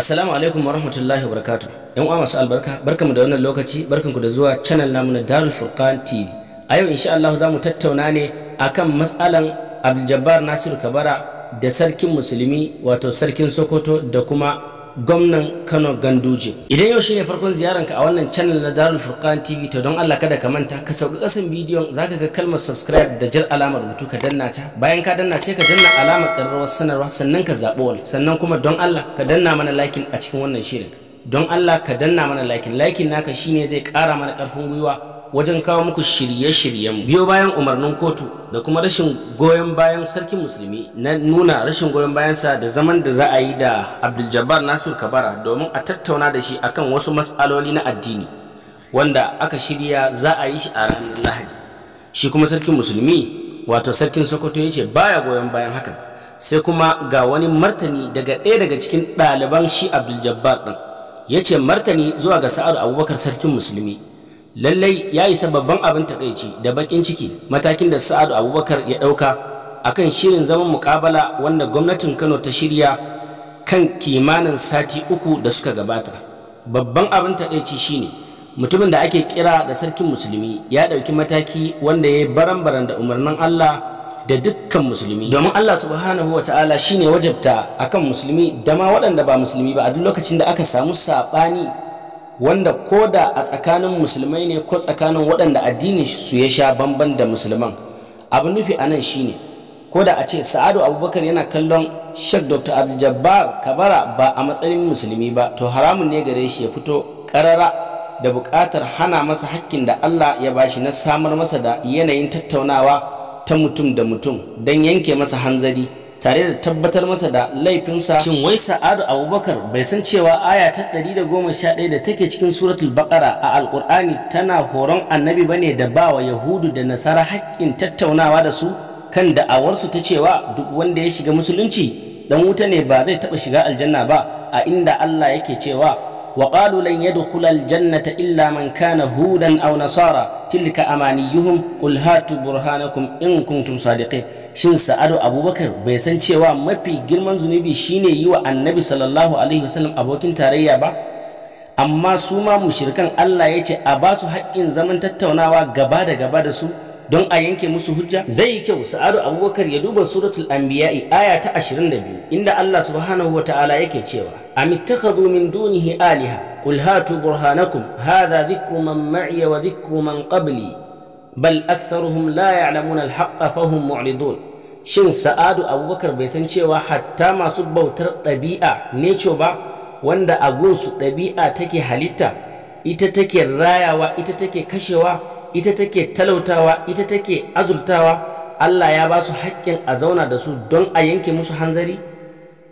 Assalamu alaikum wa rahmatullahi wa barakatu. ‘Yan uwa masu albarka, barkamu da wannan lokaci, barkanku da zuwa channel namu na Darul Furqan TV. A yau insha Allah za mu tattauna ne akan matsalan Abdul Nasiru Kabara da sarkin musulmi wato sarkin Sokoto da kuma gwamnan Kano Ganduje. Idan yau shine farkon ziyararka a wannan channel na Darul Furqan TV to don Allah kada ka manta ka sauka kasan bidiyon zaka ga kalmar subscribe da jar alamar rubutu ka danna ta bayan ka danna sai ka danna alamar karrawar sanarwa sannan ka zaɓi wal sannan kuma don Allah ka danna mana liking a cikin wannan shirin don Allah ka danna mana liking liking naka shine zai kara mana karfin gwiwa wajen kawo muku shirye-shiryen biyo bayan umarnin kotu da kuma rashin goyon bayan sarkin musulmi na nuna rashin goyon bayansa da zaman da za a yi da abdul-jabbar nasir kabara domin a tattauna da shi akan wasu matsaloli na addini wanda aka shirya za a yi shi a ranar lahadi shi kuma sarkin musulmi wato sarkin sokoto ya ce baya goyon bayan hakan sai kuma ga wani martani daga ɗaya daga cikin ɗaliban shi abdul-jabbar ɗin ya ce martani zuwa ga Sa'adu abubakar sarkin musulmi lallai ya isa babban abin takaici da bakin ciki matakin da sa'adu abubakar ya ɗauka akan shirin zaman mukabala wanda gwamnatin kano ta shirya kan kimanin sati uku da suka gabata babban abin takaici shine mutumin da ake kira da sarkin musulmi ya ɗauki mataki wanda ya yi baran-baran da umarnin allah da dukkan musulmi domin allah subhanahu wa ta'ala shine wajabta akan musulmi da ma waɗanda ba musulmi ba a duk lokacin da aka samu saɓani wanda ko da a tsakanin musulmai ne ko tsakanin waɗanda addinin su ya sha bamban da musulman abu nufi a nan shine ko da a ce sa'adu abubakar yana kallon shek dr abdul kabara ba a matsayin musulmi ba to haramun ne gare shi ya fito karara da buƙatar hana masa hakkin da Allah ya bashi na samar masa da yanayin tattaunawa ta mutum da mutum don yanke masa hanzari tare da tabbatar masa da laifinsa shin wai sa'adu abubakar bai san cewa aya ta 111 da take cikin suratul baqara a alqur'ani tana horon annabi bane da bawa yahudu da nasara haƙƙin tattaunawa da su kan da'awarsu ta cewa duk wanda ya shiga musulunci dan wuta ne ba zai taɓa shiga aljanna ba a inda allah yake cewa وقالوا لن يدخل الجنة إلا من كان هودا أو نصارى تلك أمانيهم قل هاتوا برهانكم إن كنتم صادقين shin sa'adu abubakar bai san cewa mafi girman zunubi shine yi wa annabi sallallahu abokin tarayya ba amma su ma mushrikan allah ya ce a basu haƙƙin zaman tattaunawa gaba da gaba da su don a yanke musu hujja zai yi kyau sa'adu abubakar ya duba suratul anbiya'i aya ta 22 inda Allah subhanahu wa ta'ala yake cewa amittakhadhu min dunihi aliha qul hatu burhanakum hadha dhikru man ma'iya wa dhikru man qabli bal aktharuhum la ya'lamuna al-haqqa hum mu'ridun shin sa'adu abubakar bai san cewa hatta masu bautar ɗabi'a ne ba wanda a gunsu ɗabi'a take halitta ita take rayawa ita take kashewa ita take talautawa ita take azurtawa Allah ya ba su haƙƙin a zauna da su don a yanke musu hanzari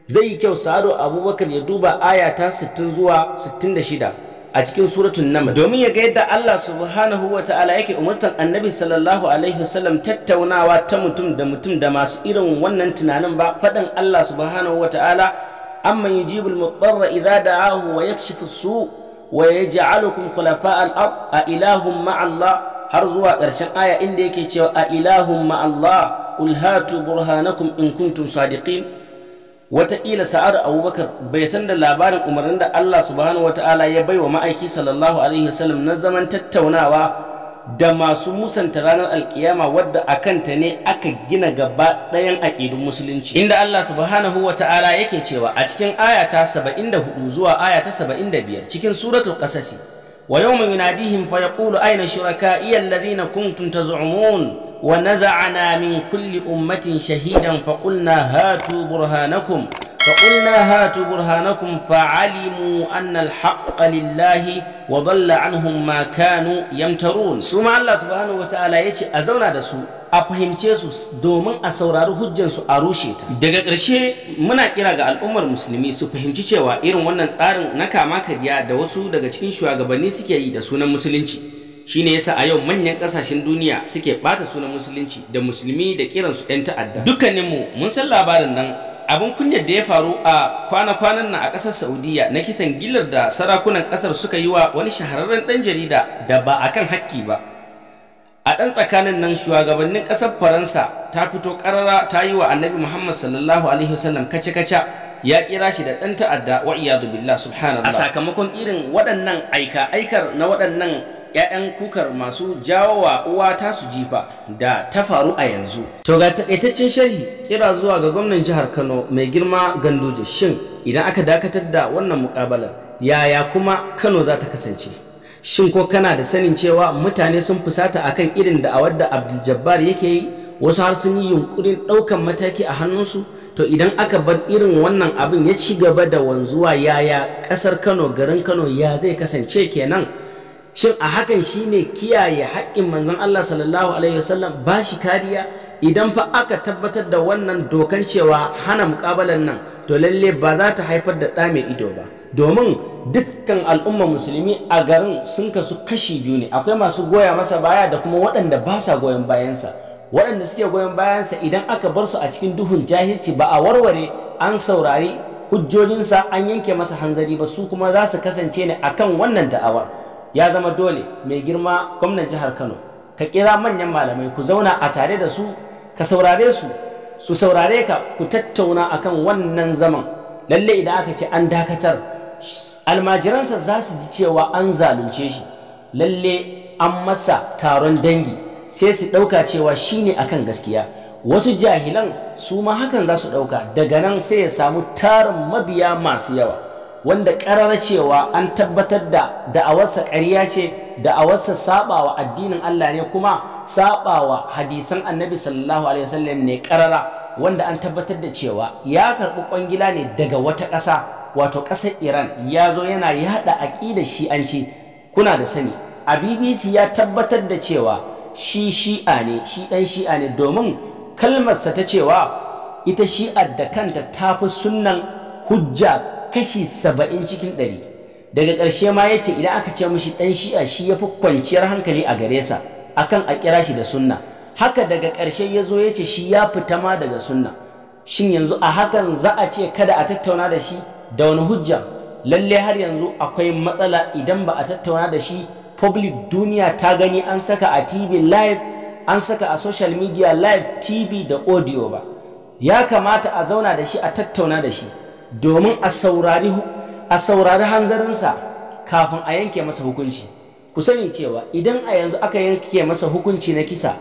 zai yi kyau sa'adu abubakar ya duba aya ta 60 zuwa 66 a cikin suratun naml domin ya ga yadda Allah subhanahu wa ta'ala yake umurtan annabi sallallahu alaihi wasallam tattaunawa ta mutum da mutum da masu irin wannan tunanin ba faɗin Allah subhanahu wa ta'ala amman yujibul mudarra idza da'ahu wa yakshifu su' wa ji alukun al al’ad a ilahun ma’alla har zuwa ƙarshen aya inda yake cewa a ilahun ma’alla ulhatu burhanakum in kuntum sadiqin wataƙila Sa'adu abubakar bai san da labarin umarnin da Allah subhanahu ta'ala ya bai wa ma'aiki sallallahu alaihi wasallam na zaman tattaunawa da masu musanta ranar alkiyama wadda a kanta ne aka gina gaba ɗayan aƙidun musulunci inda Allah subhanahu wa ta'ala yake cewa a cikin aya ta hudu zuwa aya ta biyar, cikin suratul qasasi wa yawma yunadihim fa yaqulu ayna shuraka'i alladhina kuntum taz'umun wa naza'ana min kulli ummatin shahidan fa hatu burhanakum فقلنا هاتوا برهانكم فعلموا أن الحق لله وضل عنهم ما كانوا يمترون سمع الله سبحانه وتعالى يتي أزونا دسو a fahimce su domin a saurari hujjansu a rushe ta daga ƙarshe muna kira ga al'ummar musulmi su fahimci cewa irin wannan tsarin na kama karya da wasu daga cikin shugabanni suke yi da sunan musulunci shine yasa a yau manyan kasashen duniya suke bata sunan musulunci da musulmi da kiransu 'yan ta'adda dukkaninmu mun san labarin nan abin kunyar da ya faru a kwana-kwanan nan a ƙasar saudiya na kisan gilar da sarakunan ƙasar suka yi wa wani shahararren ɗan jarida da ba a kan hakki ba a ɗan tsakanin nan shugabannin ƙasar faransa ta fito ƙarara ta yi wa annabi muhammad sallallahu alaihi wasallam kace-kace ya kira shi da ɗan ta'adda wa iyadu billah subhanallah a sakamakon irin waɗannan aika aikar na waɗannan 'ya'yan kukar masu jawowa uwa ta su jifa da ta faru a yanzu. To ga taƙaitaccen sharhi kira zuwa ga gwamnan jihar Kano mai girma Ganduje shin idan aka dakatar da wannan mukabalar yaya kuma Kano za ta kasance? Shin ko kana da sanin cewa mutane sun fusata a kan irin da a da Abdul yake yi wasu har sun yi yunkurin ɗaukan mataki a hannunsu? to idan aka bar irin wannan abin ya ci gaba da wanzuwa yaya ƙasar kano garin kano ya zai kasance kenan shin a hakan shine kiyaye haƙƙin manzon Allah sallallahu alaihi wasallam ba shi kariya idan fa aka tabbatar da wannan dokan cewa hana muƙabalan nan to lalle ba za ta haifar da ɗa mai ido ba domin dukkan al'ummar musulmi a garin sun kasu kashi biyu ne akwai masu goya masa baya da kuma waɗanda ba sa goyon bayansa waɗanda suke goyon bayansa idan aka bar su a cikin duhun jahilci ba a warware an saurari hujjojinsa an yanke masa hanzari ba su kuma za su kasance ne akan wannan da'awar ya zama dole mai girma gwamnan jihar Kano ka kira manyan malamai ku zauna a tare da su ka saurare su su saurare ka ku tattauna akan wannan zaman lalle idan aka ce an dakatar almajiransa za su ji cewa an zalunce shi lalle an masa taron dangi sai su ɗauka cewa shi ne akan gaskiya wasu jahilan su ma hakan za su ɗauka daga nan sai ya samu tarin mabiya masu yawa wanda ƙarar cewa an tabbatar da da'awarsa ƙarya ce da'awarsa saɓawa addinin Allah ne kuma saɓawa hadisan annabi sallallahu alaihi wasallam ne ƙarara wanda an tabbatar da cewa ya karɓi ƙwangila ne daga wata ƙasa wato ƙasar Iran ya zo yana yaɗa aƙidar shi'anci kuna da sani a BBC ya tabbatar da cewa shi shi'a ne shi ɗan shi'a ne domin kalmarsa ta cewa ita shi'ar da kanta ta fi sunnan hujja kashi saba'in cikin ɗari daga ƙarshe ma ya ce idan aka ce mashi ɗan shi'a shi ya fi kwanciyar hankali a gare sa akan a kira shi da sunna haka daga ƙarshe ya zo ya ce shi ya fita ma daga sunna shin yanzu a hakan za a ce kada a tattauna da shi da wani hujja lalle har yanzu akwai matsala idan ba a tattauna da shi public duniya ta gani an saka a tv live an saka a social media live tv da audio ba ya kamata a zauna da shi a tattauna da shi domin a saurari a saurari hanzarinsa kafin a yanke masa hukunci ku sani cewa idan a yanzu aka yanke masa hukunci na kisa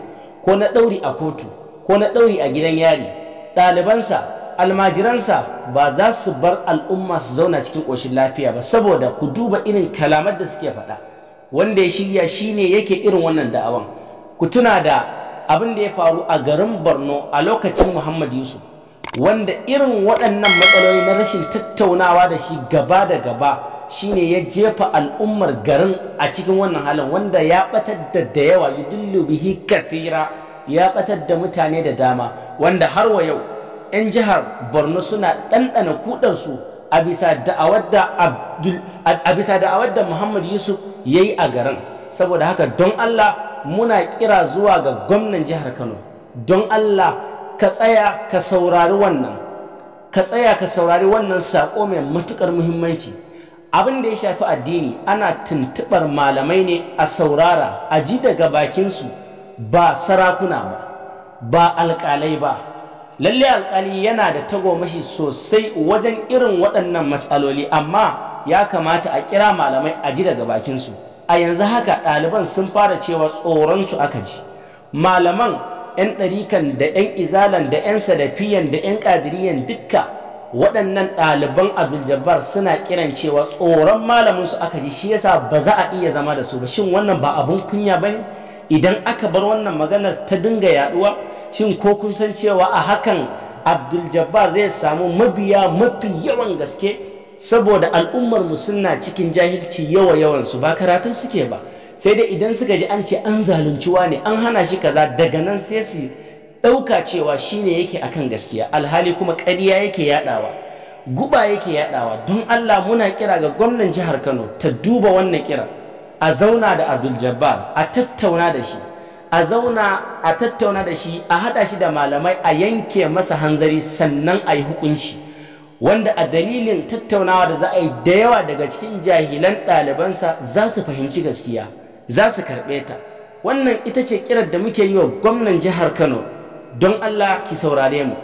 ko na ɗauri a kotu ko na ɗauri a gidan yari ɗalibansa almajiransa ba za su bar al'umma su zauna cikin ƙoshin lafiya ba saboda ku duba irin kalamar da suke faɗa wanda ya shirya shi ne yake irin wannan da'awan ku tuna da abin da ya faru a garin borno a lokacin muhammad yusuf wanda irin waɗannan matsaloli na rashin tattaunawa da shi gaba da gaba shine ya jefa al'ummar garin a cikin wannan halin wanda ya batar da da yawa yudillu bihi kafira ya batar da mutane da dama wanda har wa yau 'yan jihar borno suna ɗanɗana kudansu a bisa da'awar da muhammad yusuf ya yi a garin saboda haka don allah muna kira zuwa ga gwamnan jihar kano don allah ka tsaya ka saurari wannan ka tsaya ka saurari wannan saƙo mai matuƙar muhimmanci abin da ya shafi addini ana tuntuɓar malamai ne a saurara a ji daga bakinsu ba sarakuna ba ba alƙalai ba lalle alƙali yana da tagomashi sosai wajen irin waɗannan matsaloli amma ya kamata a kira malamai a ji daga bakinsu a yanzu haka ɗaliban sun fara cewa tsoronsu aka ji malaman 'yan ɗarikan da 'yan izalan da 'yan sadafiyan da 'yan ƙadiriyan dukka waɗannan ɗaliban abdul suna kiran cewa tsoron malaminsu aka ji shi yasa ba za a iya zama da su ba shin wannan ba abun kunya ba ne idan aka bar wannan maganar ta dinga yaɗuwa shin ko kun san cewa a hakan abdul zai samu mabiya mafi yawan gaske saboda al'ummar mu suna cikin jahilci yawa yawan su ba karatun suke ba sai dai idan suka ji an ce an zalunciwa ne an hana shi kaza daga nan sai su ɗauka cewa shi ne yake akan gaskiya alhali kuma ƙarya yake yaɗawa guba yake yaɗawa don Allah muna kira ga gwamnan jihar Kano ta duba wannan kira a zauna da Abdul Jabbar a tattauna da shi a zauna a tattauna da shi a haɗa shi da malamai a yanke masa hanzari sannan a yi hukunci wanda a dalilin tattaunawa da za a yi da yawa daga cikin jahilan ɗalibansa za su fahimci gaskiya za su karɓe ta wannan ita ce kirar da muke yi wa gwamnan jihar kano don allah ki saurare mu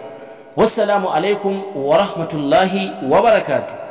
wassalamu alaikum wa rahmatullahi wa barakatu